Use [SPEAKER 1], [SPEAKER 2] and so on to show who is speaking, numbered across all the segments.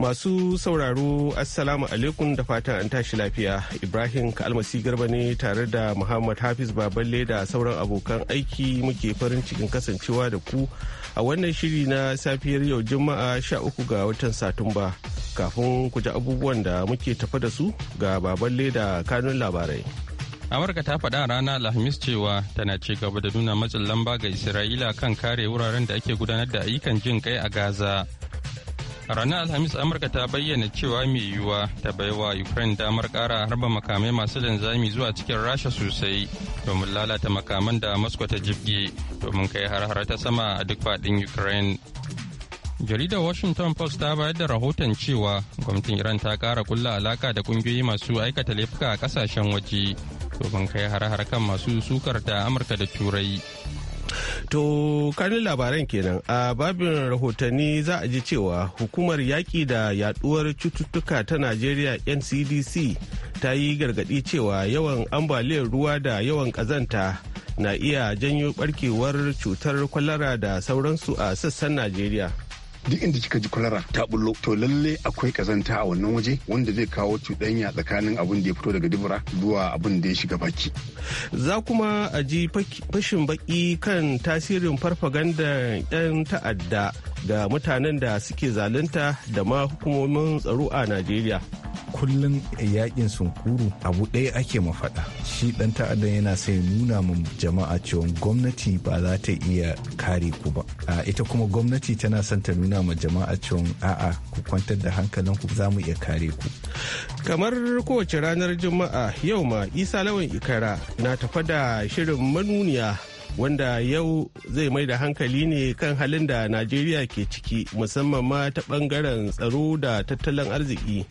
[SPEAKER 1] Masu sauraro Assalamu alaikum da fatan an tashi lafiya. Ibrahim Kalmasi Garba ne tare da Muhammad Hafiz Baballe da sauran abokan aiki muke farin cikin kasancewa da ku a wannan shiri na safiyar yau Juma'a 13 ga watan Satumba. Kafin ku ji abubuwan da muke tafa da su ga Baballe da kanun labarai.
[SPEAKER 2] Amurka ta faɗa rana Alhamis cewa tana ci gaba da nuna matsin lamba ga Isra'ila kan kare wuraren da ake gudanar da ayyukan jin kai a Gaza. ranar alhamis amurka ta bayyana cewa mai yiwuwa ta baiwa ukraine damar kara harba makamai masu linzami zuwa cikin rasha sosai domin lalata makaman da moscow ta jibge domin kai har-har ta sama a duk faɗin ukraine jaridar washington post ta bayar da rahoton cewa gwamnatin iran ta kara kulla alaka da kungiyoyi masu aikata laifuka a kasashen waje domin kai har-har kan masu sukar da amurka da turai
[SPEAKER 1] To kanin labaran kenan a babin rahotanni za a ji cewa hukumar yaƙi da yaduwar cututtuka ta Najeriya NCDC ta yi gargadi cewa yawan ambaliyar ruwa da yawan ƙazanta na iya janyo barkewar cutar kwalara da sauransu a sassan Najeriya.
[SPEAKER 3] duk inda kika ji kwalara ta bullo to lalle akwai kazanta a wannan waje wanda zai kawo cuɗanya tsakanin abin da ya fito daga dubura zuwa abin da ya shiga baki
[SPEAKER 1] za kuma a ji fashin baki kan tasirin farfaganda 'yan ta'adda ga mutanen da suke zalunta da ma hukumomin tsaro a najeriya
[SPEAKER 4] kullum yakin sunkuru abu ɗaya ake mafaɗa shi ɗan ta'addan yana sai nuna ma jama'a cewa gwamnati ba za ta iya kare ku ba ita kuma gwamnati tana son ta nuna ma jama'a cewa a'a ku kwantar da hankalin ku za mu iya kare ku
[SPEAKER 1] kamar kowace ranar juma'a yau ma isa lawan ikara na tafa da shirin manuniya wanda yau zai mai da hankali ne kan halin da najeriya ke ciki musamman ma ta bangaren tsaro da tattalin arziki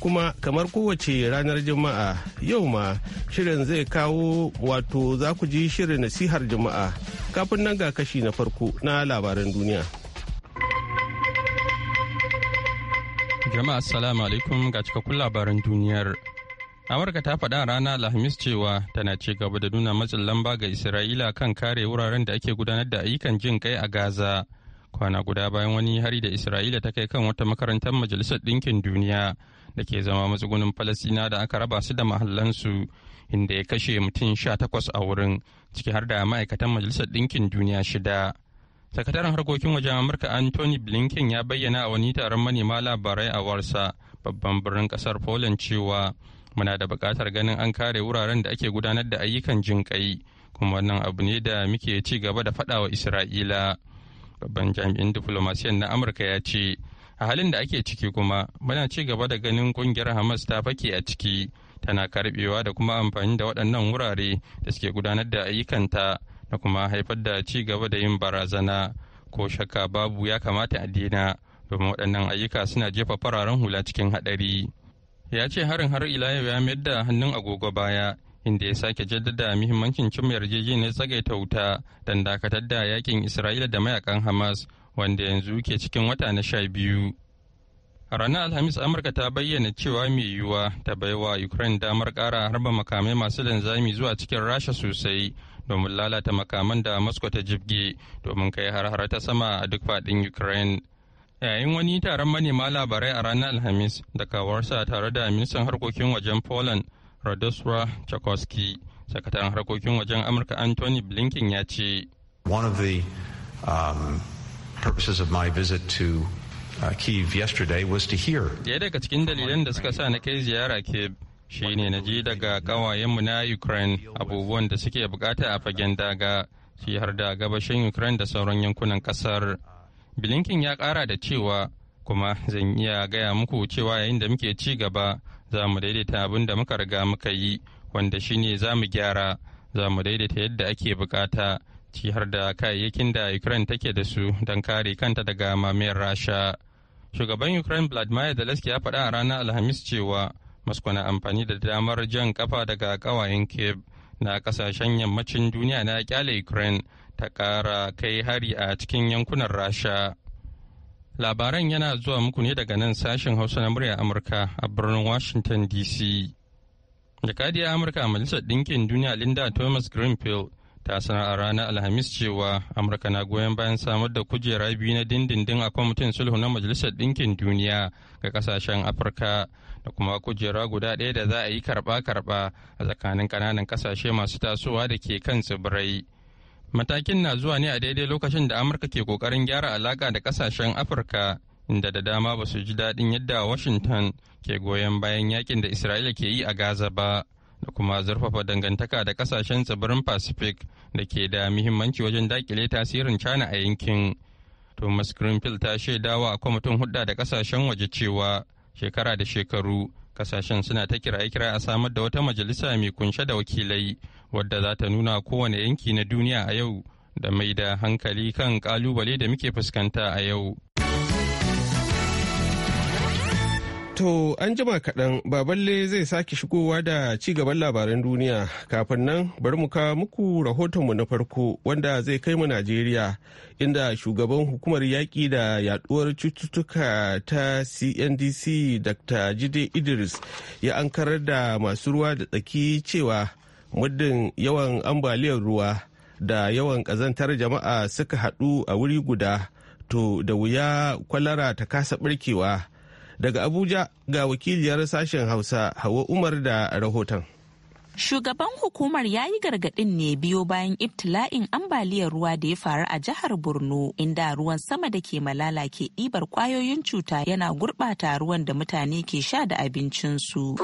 [SPEAKER 1] kuma kamar kowace ranar juma'a yau ma shirin zai kawo wato za ku ji shirin nasihar juma'a kafin nan ga kashi na farko na labaran duniya
[SPEAKER 2] jama'a assalamu alaikum ga cikakkun labaran duniyar amurka ta faɗa rana alhamis cewa tana ci gaba da nuna matsin lamba ga isra'ila kan kare wuraren da ake gudanar da ayyukan jin kai a gaza kwana guda bayan wani hari da isra'ila ta kai kan wata makarantar majalisar ɗinkin duniya da ke zama matsugunin falasina da aka raba su da mahallansu inda ya kashe mutum sha takwas a wurin ciki har da ma'aikatan majalisar ɗinkin duniya shida sakataren harkokin wajen amurka anthony blinken ya bayyana a wani taron manema labarai a warsa babban birnin kasar poland cewa muna da buƙatar ganin an kare wuraren da ake gudanar da ayyukan jinƙai kuma wannan abu ne da muke ci gaba da faɗawa isra'ila babban jami'in diflomasiyan na amurka ya ce a halin da ake ciki kuma muna ci gaba da ganin kungiyar hamas ta fake a ciki tana karbewa da kuma amfani da waɗannan wurare da suke gudanar da ayyukanta na kuma haifar da ci gaba da yin barazana ko shakka babu ya kamata a dina domin waɗannan ayyuka suna jefa fararen hula cikin haɗari ya ce harin har ila yau ya mayar da hannun agogo baya inda ya sake jaddada muhimmancin cimma yarjejeniyar tsagaita wuta don dakatar da yakin isra'ila da mayakan hamas wanda yanzu ke cikin wata na sha biyu A ranar alhamis amurka ta bayyana cewa mai yiwuwa ta baiwa ukraine damar kara harba makamai masu linzami zuwa cikin rasha sosai domin lalata makaman da moscow ta jibge domin kai har-har ta sama a duk faɗin ukraine yayin wani taron manema labarai a ranar alhamis da kawarsa tare da ministan harkokin wajen poland radoswa chakoski sakataren harkokin wajen amurka anthony blinken ya ce um, purposes of my visit to uh, Kyiv yesterday was to hear. Daya daga cikin dalilan da suka sa na kai ziyara Kyiv shine na ji daga kawayenmu na Ukraine abubuwan da suke bukata a fagen daga shi har da gabashin Ukraine da sauran yankunan kasar. Bilinkin ya kara da cewa kuma zan iya gaya muku cewa yayin da muke ci gaba za mu daidaita abin da muka riga muka yi wanda shi ne za mu gyara za mu daidaita yadda ake bukata ci har da kayayyakin da Ukraine take da su don kare kanta daga mamayar Rasha. Shugaban Ukraine Vladimir Zelensky ya faɗa a ranar Alhamis cewa Moscow na amfani da damar jan kafa daga ƙawayen Kiev na kasashen yammacin duniya na kyale Ukraine ta kara kai hari a cikin yankunan Rasha. Labaran yana zuwa muku ne daga nan sashen Hausa na murya Amurka a birnin Washington DC. Jakadiyar Amurka a Majalisar Ɗinkin Duniya Linda Thomas Greenfield ta sanar a ranar alhamis cewa amurka na goyon bayan samar da kujera biyu na dindindin a kwamitin sulhu na majalisar ɗinkin duniya ga kasashen afirka da kuma kujera guda ɗaya da za a yi karɓa-karɓa a tsakanin ƙananan ƙasashe masu tasowa da ke kan tsibirai matakin na zuwa ne a daidai lokacin da amurka ke ƙoƙarin gyara alaƙa da ƙasashen afirka inda da dama ba su ji daɗin yadda washington ke goyon bayan yakin da isra'ila ke yi a gaza ba. da kuma zurfafa dangantaka da kasashen tsibirin pacific da ke da muhimmanci wajen dakile tasirin china a yankin thomas greenfield ta shaidawa a kwamitin hudda da kasashen waje cewa shekara da shekaru kasashen suna ta kira-kira a samar da wata majalisa mai kunshe da wakilai wadda za ta nuna kowane yanki na duniya a yau da mai da hankali kan kalubale da muke fuskanta a yau.
[SPEAKER 1] To an jima kaɗan baballe zai sake shigowa da ci gaban labaran duniya kafin nan bari mu kawo muku rahotonmu na farko wanda zai kai mu Najeriya inda shugaban hukumar yaƙi da yaɗuwar cututtuka ta CNDC Dr. Jide Idris ya ankarar da masu ruwa da tsaki cewa muddin yawan ambaliyar ruwa da yawan ƙazantar jama'a suka haɗu a wuri guda to da wuya kwalara ta kasa ɓarkewa. Daga Abuja ga wakiliyar sashen Hausa Hawa Umar da rahoton.
[SPEAKER 5] Shugaban hukumar ya yi gargaɗin ne biyo bayan ibtila'in ambaliyar ruwa da ya faru a jihar Borno inda ruwan sama da ke malala ke ɗibar ƙwayoyin cuta yana gurɓata ruwan da mutane ke sha da abincinsu.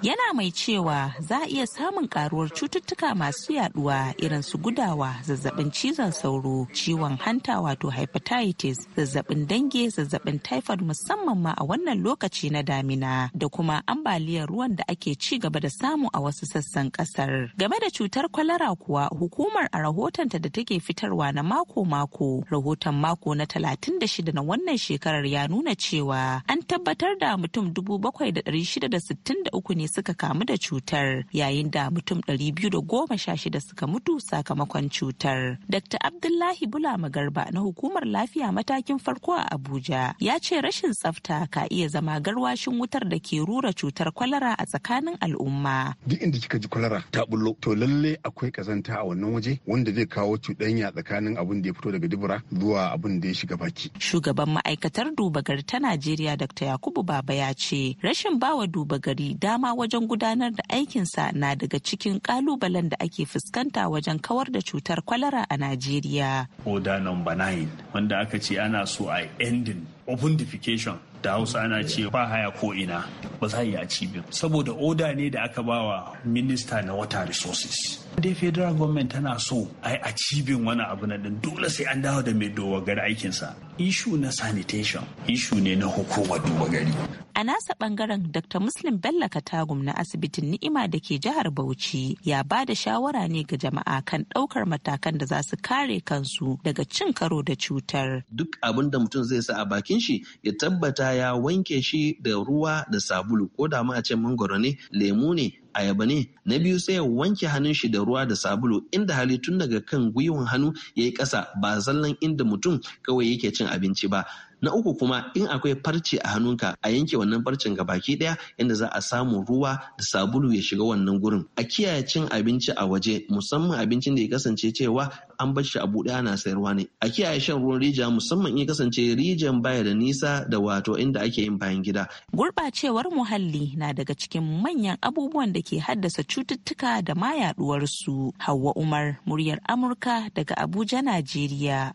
[SPEAKER 5] Yana mai cewa za a iya samun ƙaruwar cututtuka masu yaɗuwa irin su gudawa, zazzabin cizon sauro, ciwon hanta wato hepatitis, zazzabin dange, zazzabin typhoid musamman ma a wannan lokaci na damina da kuma ambaliyar ruwan da ake ci gaba da samu a wasu sassan kasar. Game da cutar kwalara kuwa hukumar a rahotonta da take fitarwa na mako-mako. Rahoton mako na 36 na wannan shekarar ya nuna cewa an tabbatar da mutum 7,663 ne suka kamu da cutar yayin da mutum 216 suka mutu sakamakon cutar. Dr. Abdullahi Bula Magarba na hukumar lafiya matakin farko a Abuja ya ce rashin tsafta ka iya zama garwashin wutar da ke rura cutar kwalara a tsakanin tsakanin al'umma.
[SPEAKER 4] Duk inda kika ji kwalara ta bullo
[SPEAKER 3] to lalle akwai kazanta a wannan waje wanda zai kawo cuɗanya tsakanin abin da ya fito daga dubura zuwa abin da ya shiga baki.
[SPEAKER 5] Shugaban ma'aikatar duba gari ta Najeriya Dr. Yakubu Baba ya ce rashin bawa duba gari dama wajen gudanar da aikinsa na daga cikin kalubalen da ake fuskanta wajen kawar da cutar kwalara a Najeriya. Oda number 9
[SPEAKER 6] wanda aka ce ana so a ending defecation da hausa ana ce ba haya ko ina ba za a yi a cibin saboda oda ne da aka bawa minista na water resources dai federal government tana so a yi cibin wani abu na ɗin, dole sai an dawo da mai dogara aikinsa ishu na sanitation ishu ne na hukumar duba gari
[SPEAKER 5] a nasa bangaren dr muslim bello katagum na asibitin ni'ima da ke jihar bauchi ya ba da shawara ne ga jama'a kan ɗaukar matakan da za su kare kansu daga cin karo da cutar
[SPEAKER 6] duk abin da mutum zai sa a bakin shi ya tabbata ya wanke shi da ruwa da sabulu ko da ma a ce mangoro ne lemu ne ayaba ne na biyu sai ya wanke hannun shi da ruwa da sabulu inda hali tun daga kan gwiwan hannu ya yi ƙasa ba zallan inda mutum kawai yake cin abinci ba na uku kuma in akwai farce a hannunka a yanke wannan farcen ga baki daya inda za a samu ruwa da sabulu ya shiga wannan gurin a kiyaye cin abinci a waje musamman abincin da ya kasance cewa an bar shi a buɗe ana sayarwa ne a kiyaye shan
[SPEAKER 5] ruwan rija musamman in kasance rijan baya da nisa da wato inda ake yin bayan gida gurɓacewar muhalli na daga cikin manyan abubuwan da ke haddasa cututtuka da ma yaɗuwarsu hawa umar muryar amurka daga abuja najeriya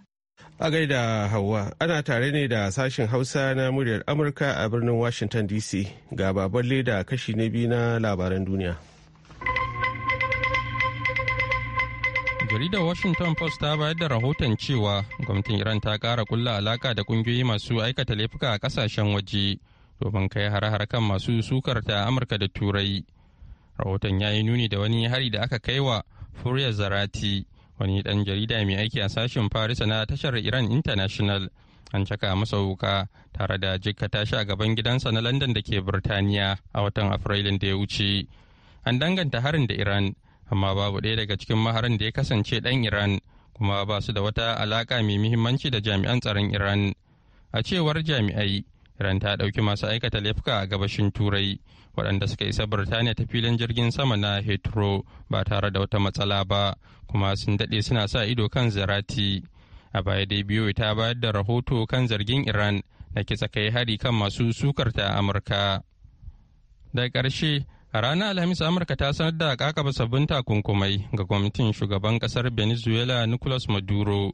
[SPEAKER 5] A
[SPEAKER 1] gaida Hauwa, ana tare ne da sashen Hausa na muryar Amurka a birnin Washington DC ga baban leda kashi na biyu na labaran duniya.
[SPEAKER 2] Jaridar Washington Post ta bayar da rahoton cewa gwamnatin Iran ta kara kulla alaka da kungiyoyi masu aikata laifuka a kasashen waje domin kai har-har kan masu sukar ta Amurka da Turai. Rahoton ya yi nuni da wani hari da aka kai wa Furiya Zarati. wani dan jarida mai aiki a sashen Farisa na tashar Iran International an caka masa wuka tare da jikkata shi a gaban gidansa na London da ke Birtaniya a watan Afrilun da ya wuce. An danganta harin da Iran amma babu ɗaya daga cikin maharin da ya kasance ɗan Iran kuma ba su da wata alaka mai muhimmanci da jami'an tsaron Iran. A cewar jami'ai iran ta ɗauki masu aikata laifuka a gabashin turai waɗanda suka isa birtaniya ta filin jirgin sama na hetro ba tare da wata matsala ba kuma sun daɗe suna sa ido kan zarati a baya dai biyu ta bayar da rahoto kan zargin iran na kitsa kai hari kan masu sukar ta amurka da ƙarshe a ranar alhamis amurka ta sanar da kakaba sabbin takunkumai ga gwamnatin shugaban kasar venezuela nicolas maduro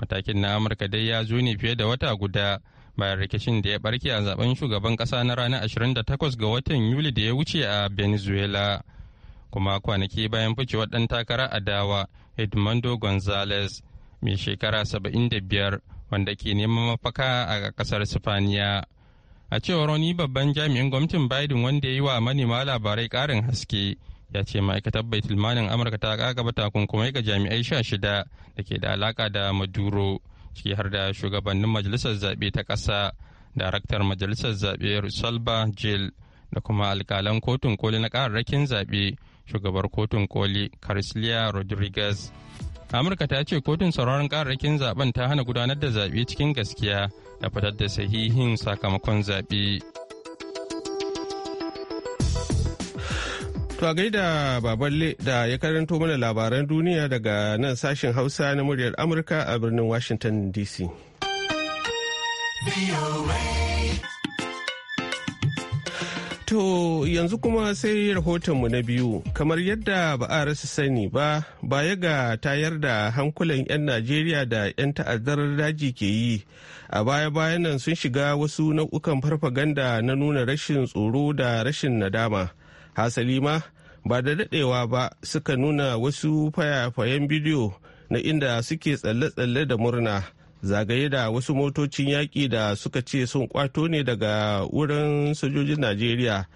[SPEAKER 2] matakin na amurka dai ya zo ne fiye da wata guda bayan rikicin da ya barke a zaben shugaban kasa na ranar 28 ga watan yuli da ya wuce a venezuela kuma kwanaki bayan ficewar ɗan takara a dawa edmundo gonzales mai shekara 75 wanda ke neman mafaka a kasar sifaniya a cewar wani babban jami'in gwamnatin biden wanda ya yi wa manema labarai karin haske ya ce ma'aikatar tilmanin amurka ta kagaba takunkumai ga jami'ai sha shida da ke da alaka da maduro ciki har da shugabannin majalisar zaɓe ta ƙasa daraktar majalisar zaɓe salba jill da kuma alƙalan kotun koli na ƙararrakin zaɓe shugabar kotun koli karisliya rodriguez amurka ta ce kotun sauraron ƙararrakin zaben ta hana gudanar da zaɓe cikin gaskiya da fitar da sahihin sakamakon zaɓe.
[SPEAKER 1] To a gaida baballe da ya karanto mana labaran duniya daga nan sashen Hausa na muryar Amurka a birnin Washington DC. To yanzu kuma sai rahotonmu na biyu, kamar yadda ba a rasa sani ba, baya ga tayar da hankulan 'yan Najeriya da 'yan ta'addar daji ke yi, a baya-bayan nan sun shiga wasu nau'ukan farfaganda na nuna rashin tsoro da rashin nadama. hasali ma ba da daɗewa ba suka nuna wasu fayafayen bidiyo na inda suke tsalle-tsalle da murna zagaye da wasu motocin yaƙi da suka ce sun kwato ne daga wurin sojojin najeriya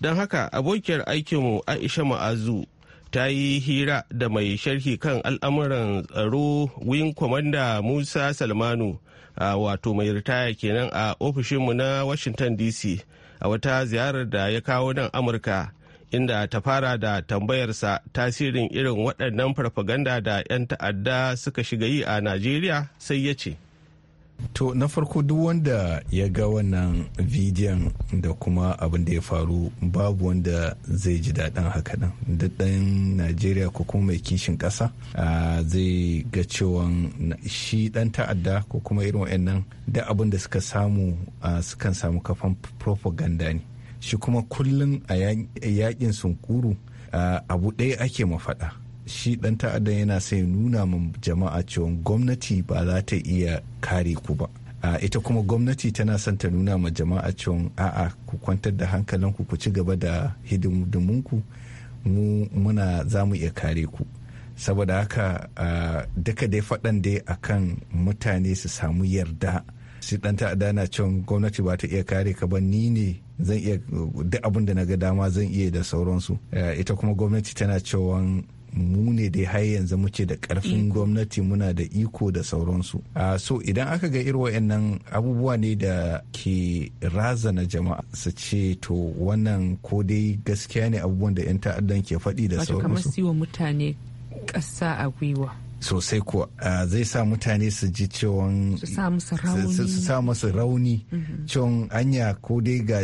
[SPEAKER 1] don haka abokiyar aikinmu aisha ma'azu ta yi hira da mai sharhi kan al'amuran tsaro wing kwamanda musa salmanu wato mai ritaya kenan a ofishinmu na washington dc a wata ziyarar da ya kawo nan amurka inda ta fara da tambayarsa tasirin irin waɗannan farfaganda da 'yan ta'adda suka shiga yi a najeriya sai ya ce
[SPEAKER 4] to na farko duk wanda ya ga wannan bidiyon da kuma abin da ya faru babu wanda zai ji daɗin haka nan duk ɗan najeriya ko kuma mai kishin ƙasa zai ga cewa shi ɗan ta'adda ko kuma irin wa'annan da abin da suka samu sukan samu kafan propaganda ne shi kuma kullum a yakin sunkuru abu ɗaya ake mafaɗa shi ɗan ta'adda yana sai nuna min jama'a cewa gwamnati ba za ta iya kare ku ba ita kuma gwamnati tana son ta nuna ma jama'a cewa a'a ku kwantar da hankalinku ku ci gaba da hidimunku mu muna za mu iya kare ku saboda haka duka dai faɗan dai a kan mutane su samu yarda shi ɗan ta'adda na cewa gwamnati ba ta iya kare ka ba ni ne zan iya duk abin da na ga dama zan iya da sauransu eh, ita kuma gwamnati tana cewa mu ne dai har yanzu muke da karfin gwamnati muna da iko da sauransu ah, so idan aka ga irin wayannan abubuwa ne da ke razana jama'a su ce to wannan ko dai gaskiya ne abubuwan da 'yan ta'addan ke faɗi da sauransu
[SPEAKER 5] kamar mutane ƙasa a gwiwa
[SPEAKER 4] sosai kuwa ah, zai sa mutane su ji cewon su sa musu rauni mm-hmm. cewon anya ko dai ga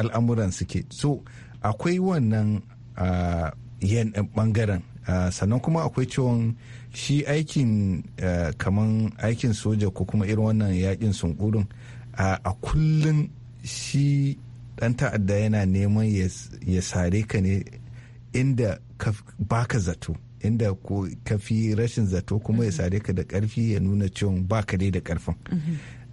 [SPEAKER 4] al'amuran suke so akwai wannan ah, yan bangaren eh, ah, sannan kuma akwai cewon shi aikin eh, kaman aikin soja ko kuma irin wannan yakin sunkurin a kullum shi dan ta'adda yana neman ya sare ka ne inda baka zato inda ko fi rashin zato kuma ya sare ka da karfi ya nuna cewa ba ka dai da karfin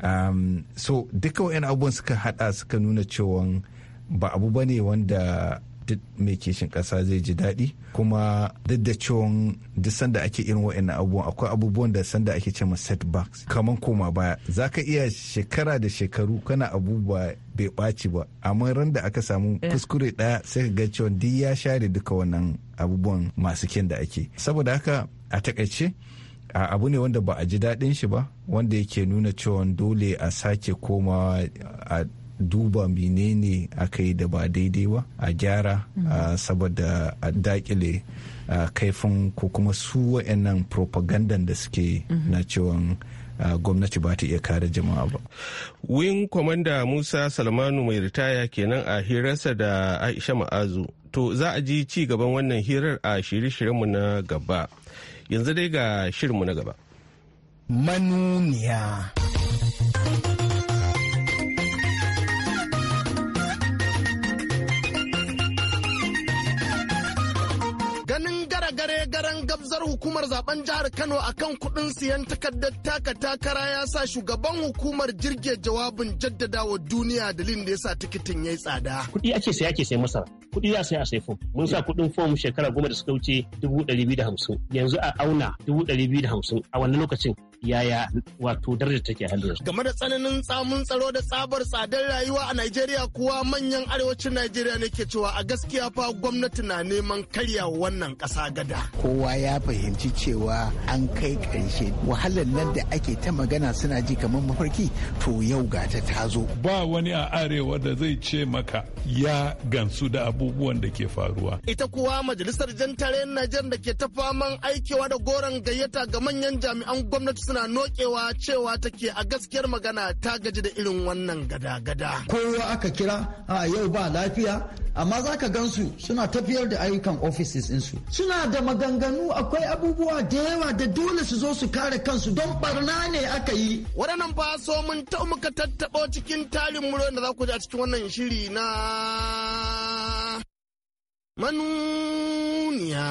[SPEAKER 4] um, so duka wayan abubuwan suka hada suka nuna cewa ba abu bane wanda duk mai kishin kasa zai ji daɗi kuma duk da cewa duk sanda ake irin wa'annan abubuwan akwai abubuwan da sanda ake ce ma setbacks kamar koma baya za ka iya shekara da shekaru kana abubuwa bai ɓaci ba amma ran da aka samu eh. kuskure ɗaya sai ka ga cewa duk ya share duka wannan abubuwan masu kyan da ake saboda haka a takaice a abu ne wanda ba a ji daɗin shi ba wanda yake nuna cewa dole a sake komawa a duba menene a kai da ba daidai ba a gyara mm-hmm. saboda a dakile kaifin ko kuma su wa'annan propaganda da suke mm-hmm. na cewa gwamnati ba ta iya kare jama'a ba.
[SPEAKER 1] wing kwamanda musa salmanu mai ritaya kenan a hirarsa da aisha ma'azu to za a ji ci gaban wannan hirar a shirye-shiryenmu na gaba yanzu dai ga shirinmu na gaba
[SPEAKER 3] manuniya banzar hukumar zaben jihar Kano akan kuɗin siyan takardar taka takara ya sa shugaban hukumar jirge jawabin jaddadawa duniya dalilin da ya sa tikitin ya yi tsada.
[SPEAKER 6] Kuɗi ake saya ake sai masa. Kuɗi za a sai a sai fom. Mun sa kuɗin fom shekara goma da suka wuce dubu ɗari biyu da hamsin. Yanzu a auna dubu ɗari biyu da hamsin a wannan lokacin yaya wato darajar take yanzu.
[SPEAKER 3] game da tsananin tsamun tsaro da tsabar tsadar rayuwa a Najeriya kuwa manyan arewacin Najeriya ne ke cewa a gaskiya fa gwamnati na neman karya wannan ƙasa gada
[SPEAKER 7] kowa ya fahimci cewa an kai ƙarshe wahalar nan da ake ta magana suna ji kamar mafarki
[SPEAKER 3] to yau ga ta tazo
[SPEAKER 8] ba wani a arewa da zai ce maka ya gansu da abubuwan da ke faruwa
[SPEAKER 3] ita kuwa majalisar jantare Najeriya da ke ta faman aikewa da goron gayyata ga manyan jami'an gwamnati suna nokewa cewa take a gaskiyar magana ta gaji da irin wannan gada-gada.
[SPEAKER 9] Kowa aka kira a yau ba lafiya amma za ka gansu suna tafiyar da ayyukan offices insu. Suna da maganganu
[SPEAKER 3] akwai abubuwa da yawa da dole su zo su kare kansu don barna ne aka yi. Waɗannan ba so mun ta muka tattaɓo cikin tarin muro da za ku ji a cikin wannan shiri na manuniya.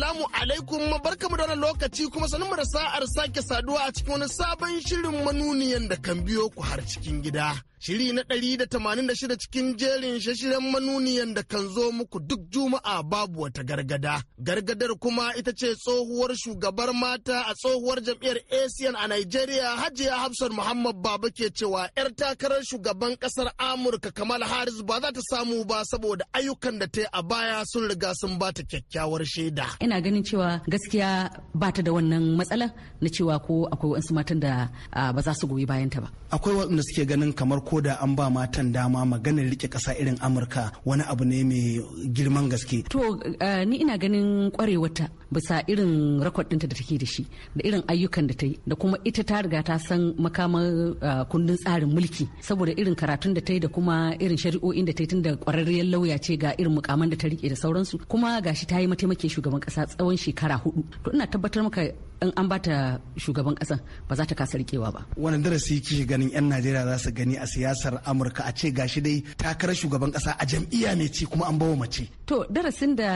[SPEAKER 3] Assalamu alaikum barkamu da wannan lokaci kuma sanin da sa'ar sake saduwa a cikin wani sabon shirin manuniyan da kan biyo ku har cikin gida. shiri na ɗari da tamanin da shida cikin jerin shashiren manuniyan da kan zo muku duk juma'a babu wata gargada. Gargadar kuma ita ce tsohuwar shugabar mata a tsohuwar jam'iyyar asian a Nigeria Hajiya Hafsat Muhammad Baba ke cewa 'yar takarar shugaban kasar Amurka Kamal Haris ba za ta samu ba saboda ayyukan da ta yi a baya sun riga sun ba ta kyakkyawar shaida.
[SPEAKER 10] Ina ganin cewa gaskiya ba da wannan matsala na cewa ko akwai wasu matan da ah, ba za su goyi bayan ba.
[SPEAKER 3] Akwai wanda suke ganin kamar ko da an ba matan dama maganar rike kasa irin amurka wani abu ne mai girman gaske to
[SPEAKER 10] eh, ni ina ganin kwarewata bisa irin rakwadinta ta da take da shi da irin ayyukan da ta yi da kuma ita ta riga ta san makamar eh, kundin tsarin mulki saboda irin karatun da ta yi da kuma irin shari'o'in da ta yi tun da kwararriyar lauya ce ga irin mukaman da ta rike da sauransu kuma gashi ta yi mataimakin shugaban ƙasa tsawon shekara hudu to ina tabbatar maka in an bata shugaban kasa ba za ta kasa rikewa ba
[SPEAKER 3] wani darasi kike ganin yan najeriya za su gani a siyasar amurka a ce gashi dai takarar shugaban kasa a jam'iyya mai ci kuma an bawa mace
[SPEAKER 10] to darasin da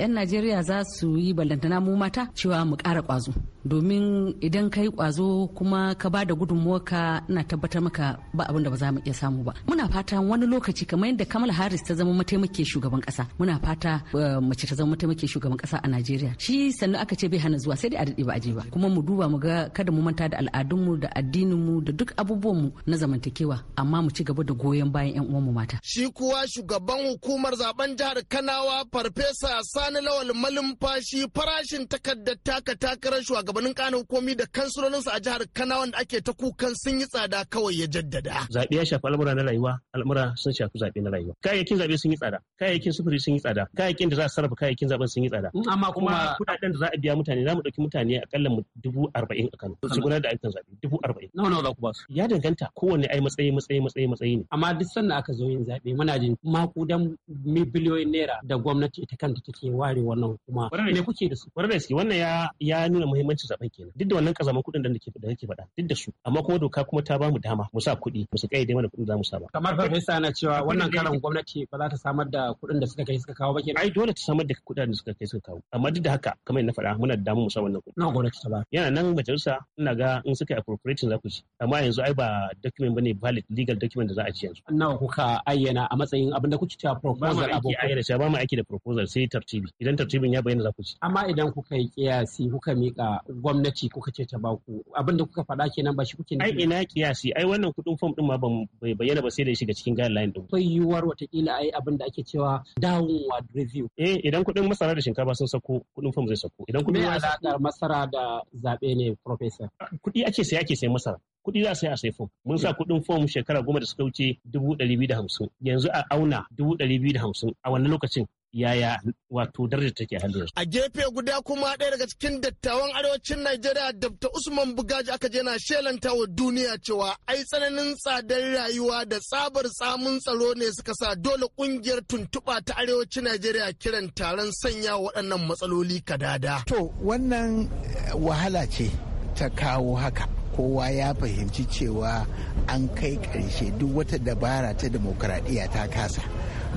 [SPEAKER 10] yan najeriya za su yi ballantana mu mata cewa mu kara kwazo domin idan kayi ƙwazo kwazo kuma ka ba da gudunmuwarka ina tabbatar maka ba abin da ba za mu iya samu ba muna fata wani lokaci kamar yadda kamala haris ta zama mataimake shugaban kasa muna fata eh, mace ta zama mataimake shugaban kasa a najeriya shi sannan aka ce bai hana zuwa sai dai a daɗe ba ba a je ba kuma mu duba mu ga kada mu manta da al'adunmu da addininmu da duk abubuwanmu na zamantakewa amma mu ci gaba da goyon bayan 'yan uwanmu mata.
[SPEAKER 3] Shi kuwa shugaban hukumar zaben jihar Kanawa Farfesa Sani Lawal Malumfashi farashin takardar taka takarar shugabannin kanin komi da kansulolinsu a jihar Kanawa da ake ta kukan sun yi tsada kawai ya jaddada.
[SPEAKER 6] Zaɓe ya shafi al'amura na rayuwa, al'amura sun shafi zaɓe na rayuwa. Kayayyakin zaɓe sun yi tsada, kayayyakin sufuri sun yi tsada, kayayyakin da za a sarrafa kayayyakin zaɓen sun yi tsada. Amma kuma kuɗaɗen da za a biya mutane za mu ɗauki mutane akalla mu dubu arba'in a Kano. Su gudanar da ayyukan zaɓe dubu arba'in. Nawa nawa za ku ba su? Ya danganta kowanne ai matsayi matsayi matsayi matsayi ne. Amma duk sanda aka zo yin zaɓe muna jin makudan biliyoyin naira da gwamnati ita kanta take ware wannan kuma. Me kuke da su? Kwarar da suke wannan ya ya nuna muhimmancin zaɓen kenan. Duk da wannan kazaman kuɗin da nake da nake faɗa duk da su amma kuma doka kuma ta ba mu dama mu sa kuɗi mu su kaide mana kuɗin za mu sa ba. Kamar farfesa na cewa wannan karan gwamnati ba za ta samar da kuɗin da suka kai suka kawo ba kenan. Ai dole ta samar da kuɗin da suka kai suka kawo amma duk da haka kamar na faɗa muna da damu mu sa wannan kuɗi. Na gwamnati ta ba yana nan majalisa ina ga in suka appropriating za ku ci amma yanzu ai ba document bane valid legal document da za a ci yanzu nawa kuka ayyana a matsayin abin da kuke cewa proposal abu ba ayyana ba mu aiki da proposal sai tartibi idan tartibin ya bayyana za ku ci amma idan kuka yi kiyasi kuka mika gwamnati kuka ce ta ba ku abin da kuka faɗa kenan ba shi kuke ai ina kiyasi ai wannan kuɗin form din ma bai bayyana ba sai da shiga cikin guideline din akwai yiwuwar watakila ai abin da ake cewa downward review eh idan kuɗin masara da shinkafa sun sako kuɗin form zai sako idan kuɗin masara da zaɓe ne professor? Ah, kuɗi ake sai ake sai masara. kuɗi za a sai a fom mun sa kuɗin fom shekara goma da suka wuce dubu ɗari biyu da hamsin yanzu a auna dubu ɗari biyu da hamsin a wannan lokacin yaya wato daraja take hannun a gefe guda kuma ɗaya daga cikin dattawan arewacin najeriya dabta
[SPEAKER 3] usman bugaji aka je na shelanta wa duniya cewa ai tsananin tsadar rayuwa da tsabar samun tsaro ne suka sa dole kungiyar tuntuɓa ta arewacin najeriya kiran taron sanya waɗannan matsaloli kadada to wannan
[SPEAKER 7] eh, wahala ce ta kawo haka kowa ya fahimci cewa an kai ƙarshe duk wata dabara ta demokaradiyya ta kasa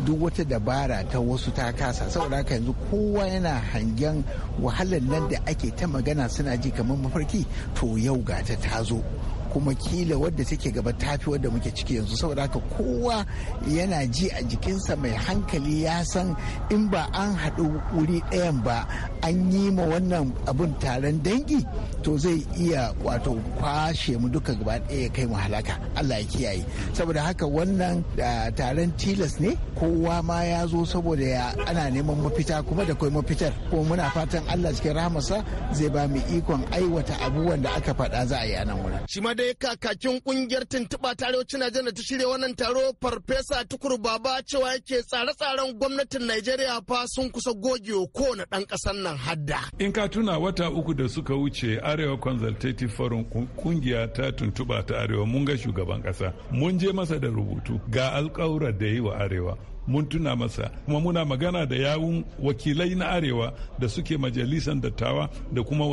[SPEAKER 7] duk wata dabara ta wasu ta kasa saboda haka yanzu kowa yana hangen wahalar nan da ake ta magana suna ji kamar mafarki to yau ga ta tazo kuma kila wadda take gaba tafi wadda muke ciki yanzu saboda haka kowa yana ji a jikinsa mai hankali ya san in ba an haɗu wuri ɗayan ba an yi ma wannan abun taron dangi to zai iya wato kwashe mu duka gaba ɗaya kai mu halaka Allah ya kiyaye saboda haka wannan ah, taron tilas ne kowa ma ya zo saboda ya ana neman mafita kuma da kai mafitar kuma muna fatan Allah cikin rahamarsa zai ba mu ikon aiwata abubuwan da aka faɗa za a yi a nan
[SPEAKER 3] wurin. dai kakakin kungiyar tuntuɓa tarihocin Najeriya ta shirya wannan taro farfesa tukur baba cewa yake tsare-tsaren gwamnatin Najeriya fa sun kusa goge kowane ɗan ƙasar nan
[SPEAKER 8] hadda. In ka tuna wata uku da suka wuce Arewa Consultative Forum kungiya ta tuntuɓa ta Arewa mun ga shugaban ƙasa mun je masa da rubutu ga alƙawura da yi wa Arewa mun tuna masa kuma muna magana da yawun wakilai na arewa da suke majalisan dattawa da kuma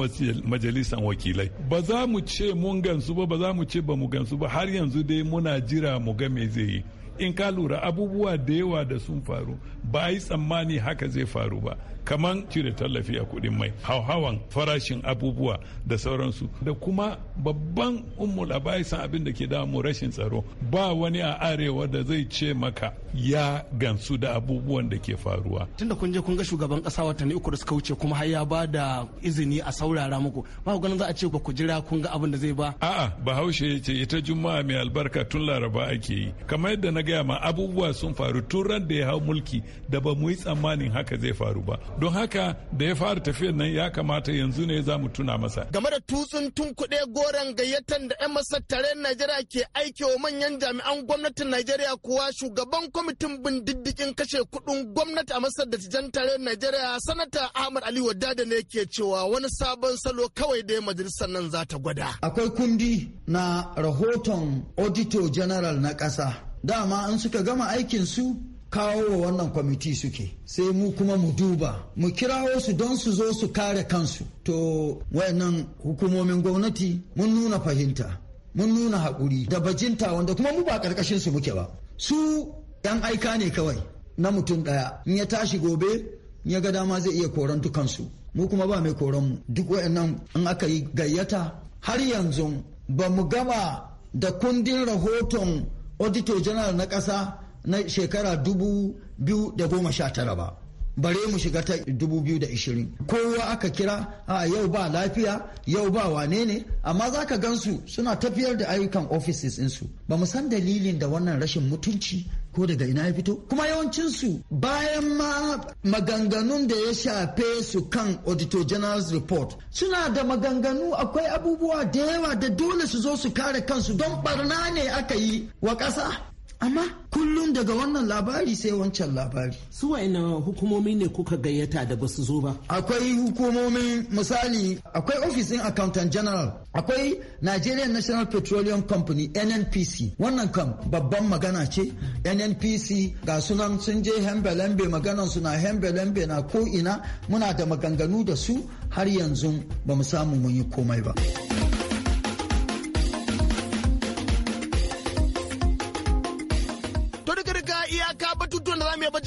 [SPEAKER 8] majalisan wakilai ba za mu ce mun gansu ba ba za mu ce ba mu gansu ba har yanzu dai muna jira mu ga me zai yi in ka lura abubuwa da yawa da sun faru ba a yi tsammani haka zai faru ba kamar cire tallafi a kuɗin mai hauhawan farashin abubuwa da sauransu da kuma babban ummul san abin da ke damu rashin tsaro ba wani a arewa da zai ce maka ya gansu da abubuwan da ke faruwa tunda kun je kun ga shugaban
[SPEAKER 3] kasa watanni uku da suka wuce kuma har ya ba da izini a saurara muku ba ku ganin za a ce ba ku jira kun ga abin da zai ba
[SPEAKER 8] a'a bahaushe ya ce ita juma'a mai albarka tun laraba ake yi kamar yadda na gaya ma abubuwa sun faru tun ran da ya hau mulki da ba mu yi tsammanin haka zai faru ba don haka da ya fara tafiyar nan ya kamata yanzu ne za mu tuna masa
[SPEAKER 3] game da tutsun tun kuɗe goron gayyatan da 'yan masar tare najeriya ke aiki wa manyan jami'an gwamnatin najeriya kuwa shugaban kwamitin bin diddigin kashe kuɗin gwamnati a masar da tijan tare najeriya sanata ahmad ali wadada ne ke cewa wani sabon salo kawai da majalisar nan za ta gwada
[SPEAKER 9] akwai kundi na rahoton auditor general na ƙasa dama an suka gama aikin su kawo wa wannan kwamiti suke sai mu kuma mu duba mu kirawo su don su zo su kare kansu to wayannan hukumomin gwamnati mun nuna fahimta mun nuna haƙuri da bajinta wanda kuma mu ba ƙarƙashin su muke ba su yan aika ne kawai na mutum ɗaya in ya tashi gobe ya ga dama zai iya koran dukansu mu kuma ba mai koran mu duk wayannan in aka yi gayyata har yanzu ba mu gama da kundin rahoton auditor general na ƙasa na shekara dubu biyu da goma sha tara ba bare mu shiga ta dubu biyu da ishirin kowa aka kira a yau ba lafiya yau ba wane ne amma za ka gansu suna tafiyar da ayyukan offices insu ba mu san dalilin da wannan rashin mutunci ko daga ina ya fito kuma yawancinsu bayan ma maganganun da ya shafe su kan auditor general's report suna da maganganu akwai abubuwa da yawa da dole su zo su kare kansu don barna ne aka yi wa ƙasa amma kullum daga wannan labari sai wancan labari
[SPEAKER 6] su wa'ina hukumomi ne kuka
[SPEAKER 9] gayyata
[SPEAKER 11] da basu zo ba
[SPEAKER 9] akwai hukumomi misali akwai ofisin accountant general akwai nigerian national petroleum company nnpc wannan kam babban magana ce nnpc ga sunan sun je hembelembe maganan suna na hembelembe na ko ina muna da maganganu da su har yanzu ba mu samu mun yi komai ba.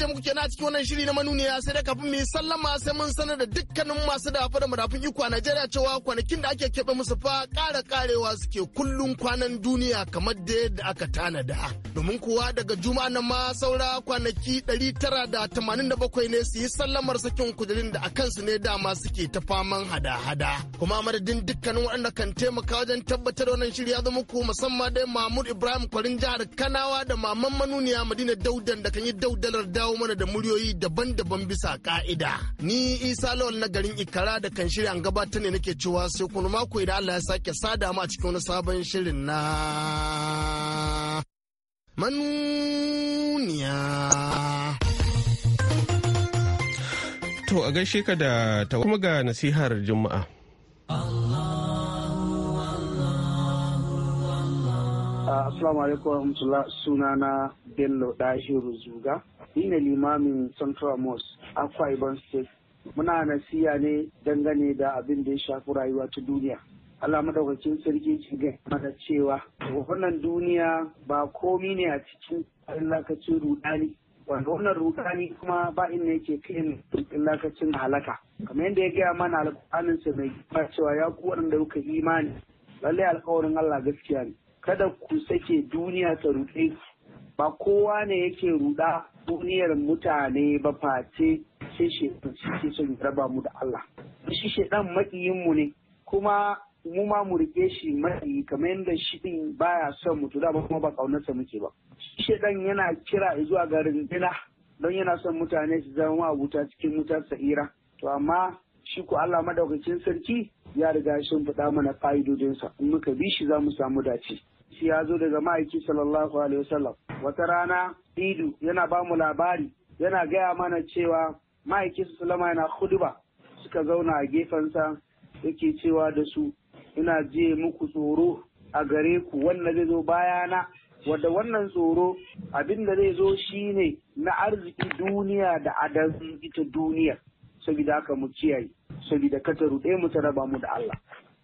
[SPEAKER 3] da muke na cikin wannan shiri na manuniya sai da kafin mu yi sallama sai mun sanar da dukkanin masu dafa da murafin iko a Najeriya cewa kwanakin da ake keɓe musu fa ƙara ƙarewa suke kullun kwanan duniya kamar da yadda aka tanada. Domin kuwa daga juma'a nan ma saura kwanaki 987 ne su yi sallamar sakin kujerin da a kansu ne dama suke ta faman hada-hada. Kuma madadin dukkanin waɗanda kan taimaka wajen tabbatar wannan shiri ya zama ku musamman dai Mahmud Ibrahim Kwarin jihar Kanawa da Maman Manuniya Madina Daudan da kan yi daudalar dawo mana da muryoyi daban-daban bisa ka'ida. Ni Isa Lawal na garin Ikara da kan shirya an gabatar ne nake cewa sai kuma mako idan Allah ya sake sada mu a cikin wani sabon shirin na
[SPEAKER 1] manuniya. To a gaishe ka da ta kuma ga nasihar Juma'a. Allah.
[SPEAKER 11] Uh, Assalamu alaikum suna sunana Bello Dahiru Zuga. Ni ne limamin Central Mosque, Akwa Ibom State. Muna nasiya ne dangane da abin da ya shafi rayuwa ta duniya. Allah madaukakin sarki ki ga mana cewa wannan duniya ba komi ne a cikin lakacin rudani. Wanda wannan rudani kuma ba inda yake kai ne lakacin halaka. Kamar yadda ya gaya mana sa mai cewa ya ku waɗanda kuka imani. Lallai alƙawarin Allah gaskiya ne. kada ku sake duniya ta ruɗe ba kowa ne yake ruɗa duniyar mutane ba face sai shaitan suke son raba mu da Allah shi shaitan maƙiyin ne kuma mu ma mu rike shi mai kamar yadda shi ɗin baya son mutu da kuma ba kaunarsa muke ba shi shaitan yana kira zuwa garin rindina don yana son mutane su zama wuta cikin mutar sa'ira to amma shi ko Allah madaukakin sarki ya riga shi faɗa mana fa'idodinsa in muka bi shi za mu samu dace shi ya zo daga ma'aiki sallallahu alaihi wasallam wata rana idu yana ba mu labari yana gaya mana cewa ma'aiki sallama yana huduba suka zauna a gefensa yake cewa da su ina je muku tsoro a gare ku wannan zai zo bayana wadda wannan tsoro abin da zai zo shine na arziki duniya da adalci ita duniya saboda haka mu kiyaye saboda kata ɗaya mu ta raba mu da Allah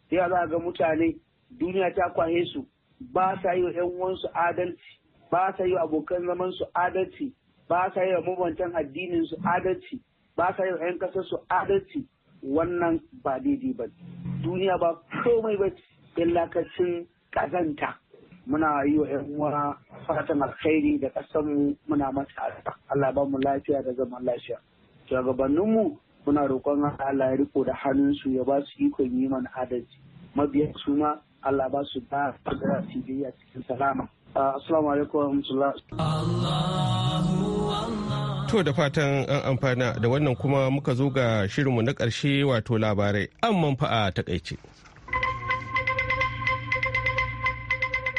[SPEAKER 11] sai za ga mutane duniya ta kwahe su ba sa yi wa 'yan adalci ba sa yi wa abokan zaman su adalci ba sa yi wa mabantan addinin su adalci ba sa yi wa 'yan ƙasar su adalci wannan ba daidai ba duniya ba komai ba illakacin kazanta muna yi wa 'yan uwa fatan alkhairi da kasanmu muna mata Allah ba mu lafiya da zaman lafiya shugabanninmu muna roƙon Allah ya riko da hannunsu ya ba su ikon yi mana adalci mabiya su Allah ba su ba da a cikin salama. Ah, assalamu alaikum
[SPEAKER 1] To da fatan an amfana da wannan kuma muka zo
[SPEAKER 2] ga shirinmu na ƙarshe wato labarai an manfa'a takaice.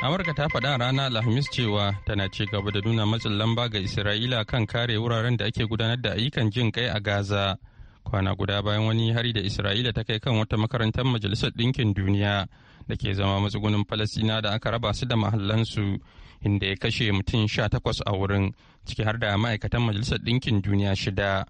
[SPEAKER 2] amurka ta faɗa rana alhamis cewa tana ci gaba da nuna matsin lamba ga isra'ila kan kare wuraren da ake gudanar da ayyukan jin kai a gaza kwana guda bayan wani hari da isra'ila ta kai kan wata makarantar majalisar ɗinkin duniya da ke zama matsugunin falasina da aka raba su da mahallansu inda ya kashe mutum sha takwas a wurin ciki har da ma'aikatan majalisar ɗinkin duniya shida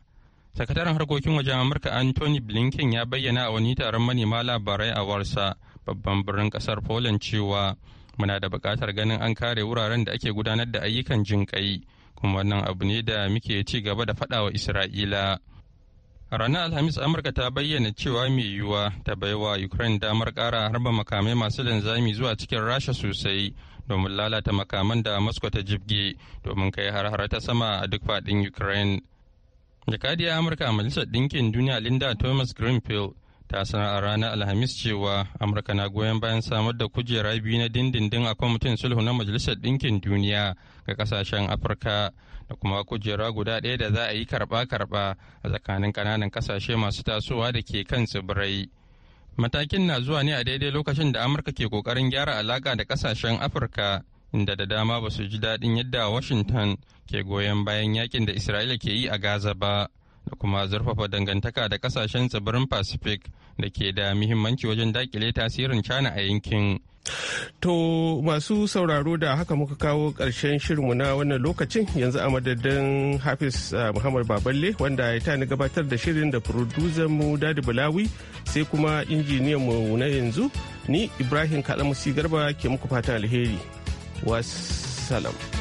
[SPEAKER 2] sakataren harkokin wajen amurka anthony blinken ya bayyana a wani taron manema labarai a warsa babban birnin kasar poland cewa muna da buƙatar ganin an kare wuraren da ake gudanar da ayyukan jinƙai kuma wannan abu ne da muke ci gaba da faɗawa isra'ila ranar alhamis amurka ta bayyana cewa mai yiwuwa ta baiwa ukraine damar kara harba makamai masu linzami zuwa cikin rasha sosai domin lalata makaman da moscow ta jibge domin kai har ta sama a duk faɗin ukraine jakadiyar amurka a majalisar ɗinkin duniya linda thomas greenfield ta sanar a ranar alhamis cewa amurka na goyon bayan samar da kujera biyu na dindindin a kwamitin sulhu na majalisar ɗinkin duniya ga kasashen afirka da kuma kujera guda ɗaya da za a yi karɓa-karɓa a tsakanin ƙananan kasashe masu tasowa da ke kan tsibirai matakin na zuwa ne a daidai lokacin da amurka ke ƙoƙarin gyara alaƙa da kasashen afirka inda da dama ba su ji daɗin yadda washington ke goyon bayan yakin da isra'ila ke yi a gaza ba. da kuma zurfafa dangantaka da kasashen tsibirin pacific da ke da muhimmanci wajen dakile tasirin china a yankin
[SPEAKER 1] To masu sauraro da haka muka kawo ƙarshen shirinmu na wannan lokacin yanzu a madadin Hafiz eh, Muhammad Baballe wanda ya tani gabatar da shirin da mu Dadi Bulawi sai kuma mu na yanzu ni Ibrahim Kalamusi Garba ke muku fatan alheri. Wassalam.